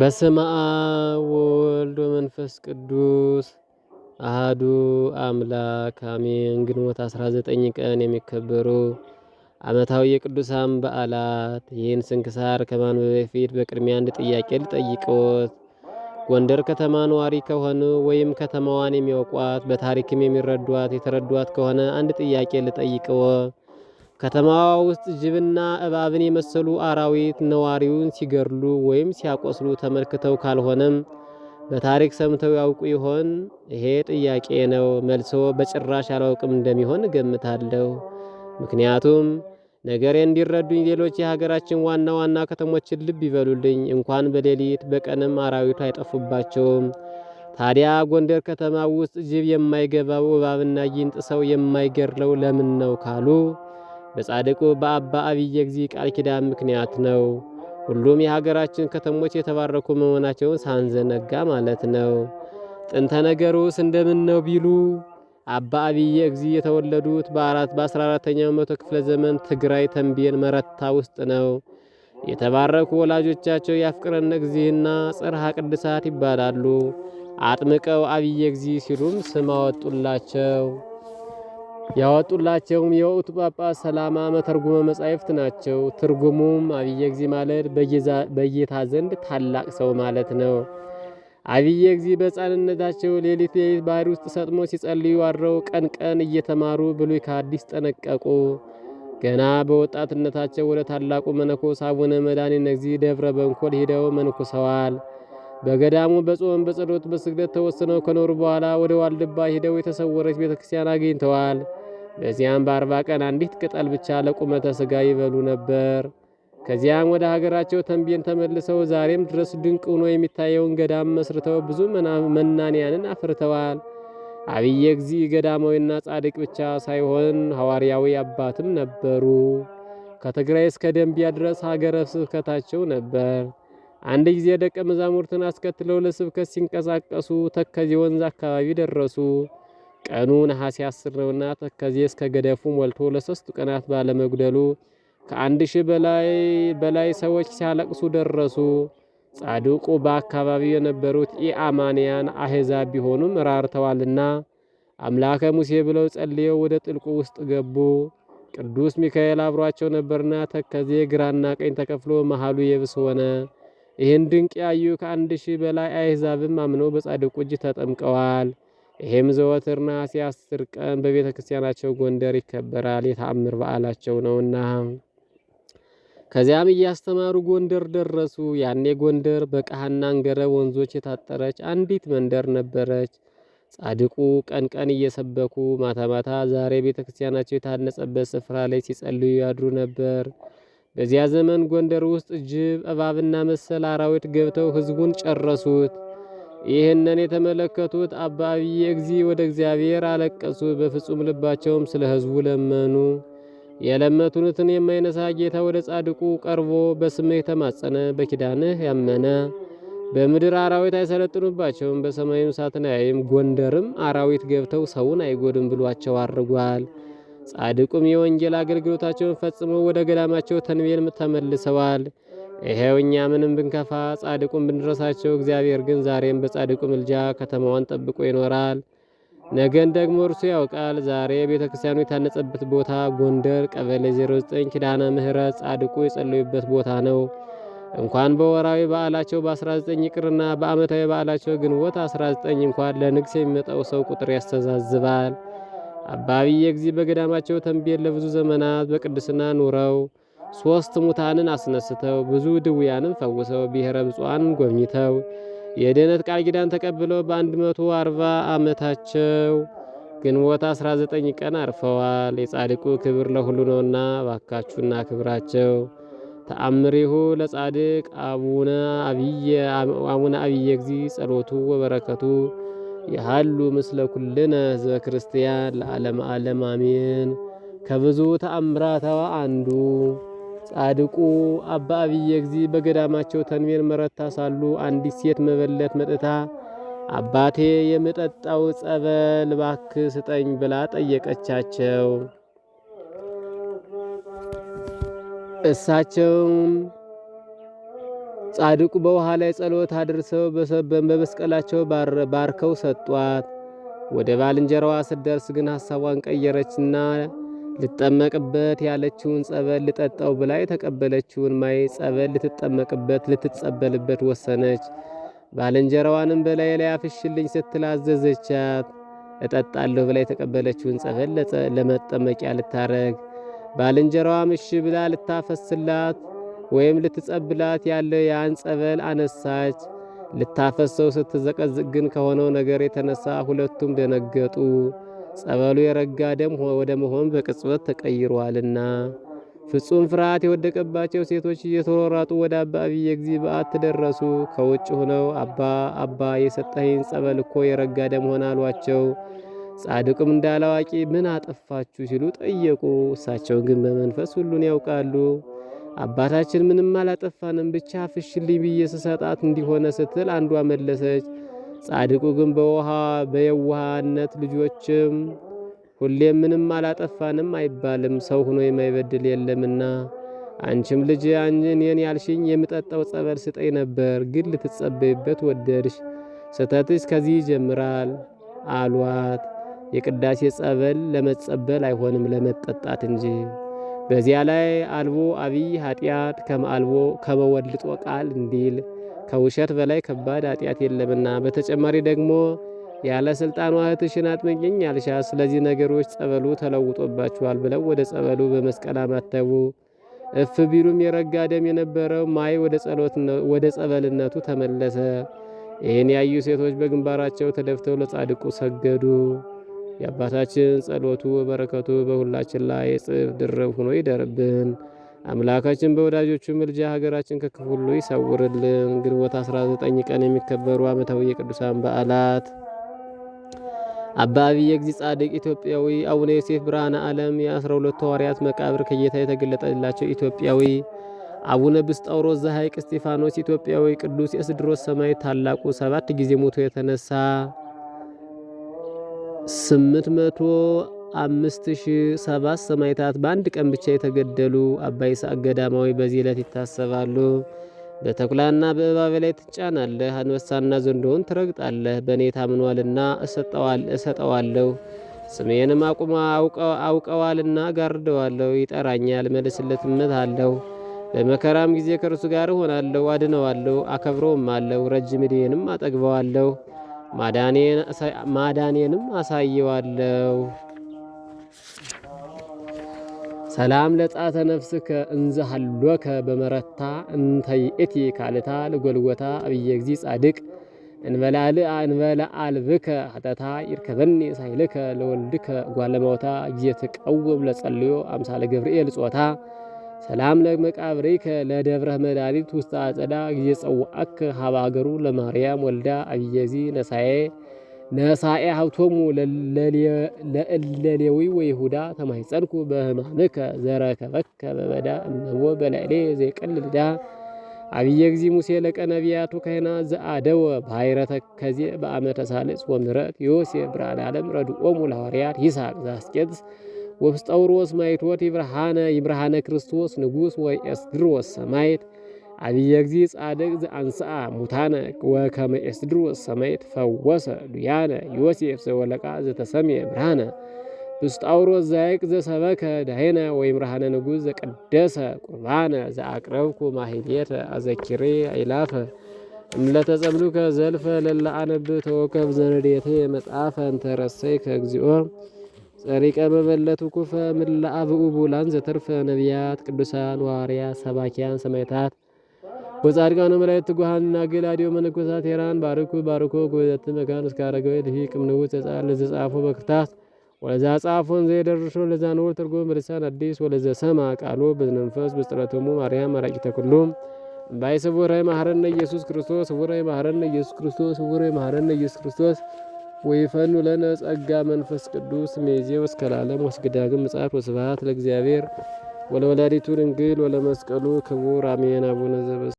በስመ አብ ወወልድ ወመንፈስ ቅዱስ አህዱ አምላክ አሜን። ግንቦት 19 ቀን የሚከበሩ ዓመታዊ የቅዱሳን በዓላት። ይህን ስንክሳር ከማንበብ በፊት በቅድሚያ አንድ ጥያቄ ልጠይቅዎት። ጎንደር ከተማ ነዋሪ ከሆኑ ወይም ከተማዋን የሚያውቋት በታሪክም የሚረዷት የተረዷት ከሆነ አንድ ጥያቄ ልጠይቅዎ ከተማዋ ውስጥ ጅብና እባብን የመሰሉ አራዊት ነዋሪውን ሲገድሉ ወይም ሲያቆስሉ ተመልክተው ካልሆነም በታሪክ ሰምተው ያውቁ ይሆን? ይሄ ጥያቄ ነው። መልሶ በጭራሽ አላውቅም እንደሚሆን እገምታለሁ። ምክንያቱም ነገሬ እንዲረዱኝ ሌሎች የሀገራችን ዋና ዋና ከተሞችን ልብ ይበሉልኝ። እንኳን በሌሊት በቀንም አራዊቱ አይጠፉባቸውም። ታዲያ ጎንደር ከተማ ውስጥ ጅብ የማይገባው እባብና ይንጥ ሰው የማይገድለው ለምን ነው ካሉ በጻድቁ በአባ አብየ እግዚእ ቃል ኪዳን ምክንያት ነው። ሁሉም የሀገራችን ከተሞች የተባረኩ መሆናቸውን ሳንዘነጋ ማለት ነው። ጥንተ ነገሩስ እንደምን ነው ቢሉ አባ አብየ እግዚእ የተወለዱት በአራት በአስራ አራተኛው መቶ ክፍለ ዘመን ትግራይ ተንቤን መረታ ውስጥ ነው። የተባረኩ ወላጆቻቸው ያፍቅረነ ጊዜና ጽርሐ ቅድሳት ይባላሉ። አጥምቀው አብየ ጊዜ ሲሉም ስም አወጡላቸው። ያወጡላቸውም የወቅቱ ጳጳስ ሰላማ መተርጉመ መጻሕፍት ናቸው። ትርጉሙም አብየ እግዚ ማለት በጌታ ዘንድ ታላቅ ሰው ማለት ነው። አብየ እግዚ በሕፃንነታቸው ሌሊት ሌሊት ባህር ውስጥ ሰጥሞ ሲጸልዩ አድረው ቀን ቀን እየተማሩ ብሉይ ከአዲስ ጠነቀቁ። ገና በወጣትነታቸው ወደ ታላቁ መነኮስ አቡነ መድኃኒነ እግዚእ ደብረ በንኮል ሂደው መንኩሰዋል። በገዳሙ በጾም በጸሎት በስግደት ተወስነው ከኖሩ በኋላ ወደ ዋልድባ ሄደው የተሰወረች ቤተ ክርስቲያን አግኝተዋል። በዚያም በአርባ ቀን አንዲት ቅጠል ብቻ ለቁመተ ሥጋ ይበሉ ነበር። ከዚያም ወደ ሀገራቸው ተንቤን ተመልሰው ዛሬም ድረስ ድንቅ ሆኖ የሚታየውን ገዳም መስርተው ብዙ መናንያንን አፍርተዋል። አብየ እግዚእ ገዳማዊና ጻድቅ ብቻ ሳይሆን ሐዋርያዊ አባትም ነበሩ። ከትግራይ እስከ ደንቢያ ድረስ ሀገረ ስብከታቸው ነበር። አንድ ጊዜ ደቀ መዛሙርትን አስከትለው ለስብከት ሲንቀሳቀሱ ተከዜ ወንዝ አካባቢ ደረሱ። ቀኑ ነሐሴ አስር ነውና ተከዜ እስከ ገደፉ ሞልቶ ለሶስቱ ቀናት ባለመጉደሉ ከአንድ ሺህ በላይ በላይ ሰዎች ሲያለቅሱ ደረሱ። ጻድቁ በአካባቢው የነበሩት ኢአማንያን አሕዛብ ቢሆኑም ራርተዋልና አምላከ ሙሴ ብለው ጸልየው ወደ ጥልቁ ውስጥ ገቡ። ቅዱስ ሚካኤል አብሯቸው ነበርና ተከዜ ግራና ቀኝ ተከፍሎ መሃሉ የብስ ሆነ። ይህን ድንቅ ያዩ ከአንድ ሺህ በላይ አይዛብም አምነው በጻድቁ እጅ ተጠምቀዋል። ይሄም ዘወትር ነሐሴ አስር ቀን በቤተ ክርስቲያናቸው ጎንደር ይከበራል። የተአምር በዓላቸው ነውና ከዚያም እያስተማሩ ጎንደር ደረሱ። ያኔ ጎንደር በቀሃና እንገረብ ወንዞች የታጠረች አንዲት መንደር ነበረች። ጻድቁ ቀን ቀን እየሰበኩ ማታ ማታ ዛሬ ቤተ ክርስቲያናቸው የታነጸበት ስፍራ ላይ ሲጸልዩ ያድሩ ነበር። በዚያ ዘመን ጎንደር ውስጥ ጅብ፣ እባብና መሰል አራዊት ገብተው ሕዝቡን ጨረሱት። ይህንን የተመለከቱት አባ አብዬ እግዚ ወደ እግዚአብሔር አለቀሱ። በፍጹም ልባቸውም ስለ ህዝቡ ለመኑ። የለመቱንትን የማይነሳ ጌታ ወደ ጻድቁ ቀርቦ በስምህ የተማጸነ በኪዳንህ ያመነ በምድር አራዊት አይሰለጥኑባቸውም፣ በሰማይም እሳትን አያይም፣ ጎንደርም አራዊት ገብተው ሰውን አይጎድም ብሏቸው አድርጓል። ጻድቁም የወንጌል አገልግሎታቸውን ፈጽሞ ወደ ገዳማቸው ተንቤል ተመልሰዋል። ይሄው እኛ ምንም ብንከፋ ጻድቁን ብንረሳቸው፣ እግዚአብሔር ግን ዛሬም በጻድቁ ምልጃ ከተማዋን ጠብቆ ይኖራል። ነገን ደግሞ እርሱ ያውቃል። ዛሬ ቤተ ክርስቲያኑ የታነጸበት ቦታ ጎንደር ቀበሌ 09 ኪዳነ ምሕረት ጻድቁ የጸለዩበት ቦታ ነው። እንኳን በወራዊ በዓላቸው በ19 ይቅርና በዓመታዊ በዓላቸው ግንቦት 19 እንኳን ለንግስ የሚመጣው ሰው ቁጥር ያስተዛዝባል። አባ ብዬ በገዳማቸው ተንቤል ለብዙ ዘመናት በቅድስና ኑረው ሶስት ሙታንን አስነስተው ብዙ ድውያንን ፈውሰው ብሔረ ብፁዓን ጎብኝተው የድኅነት ቃል ኪዳን ተቀብለው በ140 ዓመታቸው ግንቦት 19 ቀን አርፈዋል። የጻድቁ ክብር ለሁሉ ነውና ባካችሁና ክብራቸው ተአምሪሁ ለጻድቅ አቡነ አብየ አቡነ አብየ እግዚእ ጸሎቱ ወበረከቱ ይሃሉ ምስለ ኩልነ ህዝበ ክርስቲያን ለዓለም ዓለም አሜን። ከብዙ ተአምራታዋ አንዱ ጻድቁ አባ አብየ እግዚእ በገዳማቸው ተንቤን መረታ ሳሉ አንዲት ሴት መበለት መጥታ አባቴ የምጠጣው ጸበል ባክ ስጠኝ ብላ ጠየቀቻቸው። እሳቸውም ጻድቁ በውሃ ላይ ጸሎት አድርሰው በመስቀላቸው ባርከው ሰጧት። ወደ ባልንጀራዋ ስደርስ ግን ሀሳቧን ቀየረችና ልጠመቅበት ያለችውን ጸበል ልጠጣው ብላ የተቀበለችውን ማይ ጸበል ልትጠመቅበት ልትጸበልበት ወሰነች። ባልንጀራዋንም በላይ ላይ አፍሽልኝ ስትል አዘዘቻት። እጠጣለሁ ብላ የተቀበለችውን ጸበል ለመጠመቂያ ልታረግ ባልንጀራዋ ምሽ ብላ ልታፈስላት ወይም ልትጸብላት ያለ ያን ጸበል አነሳች። ልታፈሰው ስትዘቀዝቅ ግን ከሆነው ነገር የተነሳ ሁለቱም ደነገጡ። ጸበሉ የረጋ ደም ወደ መሆን በቅጽበት ተቀይሯልና ፍጹም ፍርሃት የወደቀባቸው ሴቶች እየተሯሯጡ ወደ አባ አብየ እግዚእ በዓት ደረሱ። ከውጭ ሆነው አባ አባ የሰጠኸኝ ጸበል እኮ የረጋ ደም ሆነ አሏቸው። ጻድቁም እንዳላዋቂ ምን አጠፋችሁ ሲሉ ጠየቁ። እሳቸው ግን በመንፈስ ሁሉን ያውቃሉ። አባታችን ምንም አላጠፋንም ብቻ ፍሽልኝ ብዬ ስሰጣት እንዲሆነ ስትል አንዷ መለሰች። ጻድቁ ግን በውሃ በየዋህነት ልጆችም ሁሌም ምንም አላጠፋንም አይባልም ሰው ሆኖ የማይበድል የለምና አንቺም ልጅ እኔን ያልሽኝ የምጠጣው ጸበል ስጠኝ ነበር፣ ግን ልትጸበይበት ወደድሽ። ስህተትሽ ከዚህ ይጀምራል አሏት። የቅዳሴ ጸበል ለመጸበል አይሆንም ለመጠጣት እንጂ በዚያ ላይ አልቦ አብይ ኃጢአት ከመአልቦ ከመወልጦ ቃል እንዲል ከውሸት በላይ ከባድ ኃጢአት የለምና። በተጨማሪ ደግሞ ያለ ስልጣኗ እህትሽን አጥምቂኝ ያልሻ ስለዚህ ነገሮች ጸበሉ ተለውጦባችኋል ብለው ወደ ጸበሉ በመስቀል አማተቡ። እፍ ቢሉም የረጋ ደም የነበረው ማይ ወደ ጸበልነቱ ተመለሰ። ይህን ያዩ ሴቶች በግንባራቸው ተደፍተው ለጻድቁ ሰገዱ። የአባታችን ጸሎቱ በረከቱ በሁላችን ላይ ጽፍ ድርብ ሆኖ ይደርብን። አምላካችን በወዳጆቹ ምልጃ ሀገራችን ከክፉ ሁሉ ይሰውርልን። ግንቦት 19 ቀን የሚከበሩ ዓመታዊ የቅዱሳን በዓላት አባ አብየ እግዚእ ጻድቅ ኢትዮጵያዊ፣ አቡነ ዮሴፍ ብርሃነ ዓለም የ12 ሐዋርያት መቃብር ከጌታ የተገለጠላቸው ኢትዮጵያዊ፣ አቡነ ብስጣውሮስ ዘሐይቅ እስጢፋኖስ ኢትዮጵያዊ፣ ቅዱስ የስድሮስ ሰማይ ታላቁ ሰባት ጊዜ ሞቶ የተነሳ ስምንት መቶ ሰማዕታት በአንድ ቀን ብቻ የተገደሉ አባ ይስሐቅ ገዳማዊ በዚህ ዕለት ይታሰባሉ። በተኩላና በእባብ ላይ ትጫናለህ፣ አንበሳና ዘንዶውን ትረግጣለህ። በእኔ ታምኗልና እሰጠዋለሁ፣ ስሜንም አቁማ አውቀዋልና ጋርደዋለሁ። ይጠራኛል፣ መልስለት አለው። በመከራም ጊዜ ከእርሱ ጋር እሆናለሁ፣ አድነዋለሁ፣ አከብረውም አለው ረጅም ዕድሜንም አጠግበዋለሁ። ማዳኔንም አሳየዋለሁ። ሰላም ለጻተ ነፍስከ እንዘሃሎከ በመረታ እንተይእቲ ካልታ ለጎልጎታ አብየ እግዚ ጻድቅ እንበላ አልብከ ሀተታ ይርከበኒ ሳይልከ ለወልድከ ጓለማውታ ጊዜ ተቀውም ለጸልዮ አምሳለ ገብርኤል ጾታ ሰላም ለመቃብሪከ ለደብረ መድኃኒት ውስጥ አጸዳ ጊዜ ጸዋአከ ሀባገሩ ለማርያም ወልዳ አብየዚ ነሳኤ ነሳኤ ሀብቶሙ ለእለሌዊ ወይሁዳ ተማይጸንኩ በህማምከ ዘረከበከ በበዳ እነሆ በላዕሌ ዘይቀልል ዕዳ አብየ እግዚእ ሙሴ ለቀ ነቢያቱ ካህናት ዘአደወ ባሕረተ ከዜ በአመተ ሳልስ ወምሕረት ዮሴፍ ብርሃነ ዓለም ረድኦሙ ለሐዋርያት ይስሐቅ ዘአስቄጥስ ወፍስጠውሮስ ማይቶት ይብርሃነ ይብርሃነ ክርስቶስ ንጉሥ ወይ ኤስድሮስ ሰማይት አብየ እግዚ ጻድቅ ዘአንስአ ሙታነ ወከመ ኤስድሮስ ሰማይት ፈወሰ ዱያነ ዮሴፍ ዘወለቃ ዘተሰምየ ብርሃነ ብስጣውሮስ ዛይቅ ዘሰበከ ዳሄነ ወይምርሃነ ንጉሥ ዘቀደሰ ቁርባነ ዘአቅረብኩ ማህሌተ አዘኪሬ አይላፈ እምለተጸምዱከ ዘልፈ ለለአነብ ተወከብ ዘረዴቴ መጽሐፈ እንተረሰይ ከግዚኦ ጸሪቀ መበለቱ ኩፈ ምለአብኡ ቡላን ዘተርፈ ነቢያት ቅዱሳን ዋርያ ሰባኪያን ሰማዕታት ወጻድቃነ መላእክት ትጉሃን ገላዲዮ መነኮሳት ሄራን ባርኩ ባርኮ ጎዘት መካን እስካረገው ልሂቅ ምንውት ዘጻል ዘጻፎ በክርታስ ወለዛ ጻፎን ዘይደርሾ ለዛ ነው ትርጉም በልሳን አዲስ ወለዘ ሰማ ቃሉ በመንፈስ በጥረተሙ ማርያም ማራቂ ተኩሉ ባይሰወራይ ማህረነ ኢየሱስ ክርስቶስ ወራይ ማህረነ ኢየሱስ ክርስቶስ ወራይ ማህረነ ኢየሱስ ክርስቶስ ወይፈኑ ለነ ጸጋ መንፈስ ቅዱስ ሜዜ እስከ ወስግዳግም ምጽአት ወስብሐት ለእግዚአብሔር ወለወላዲቱ ድንግል ወለመስቀሉ ክቡር አሜን። አቡነ ዘበሰ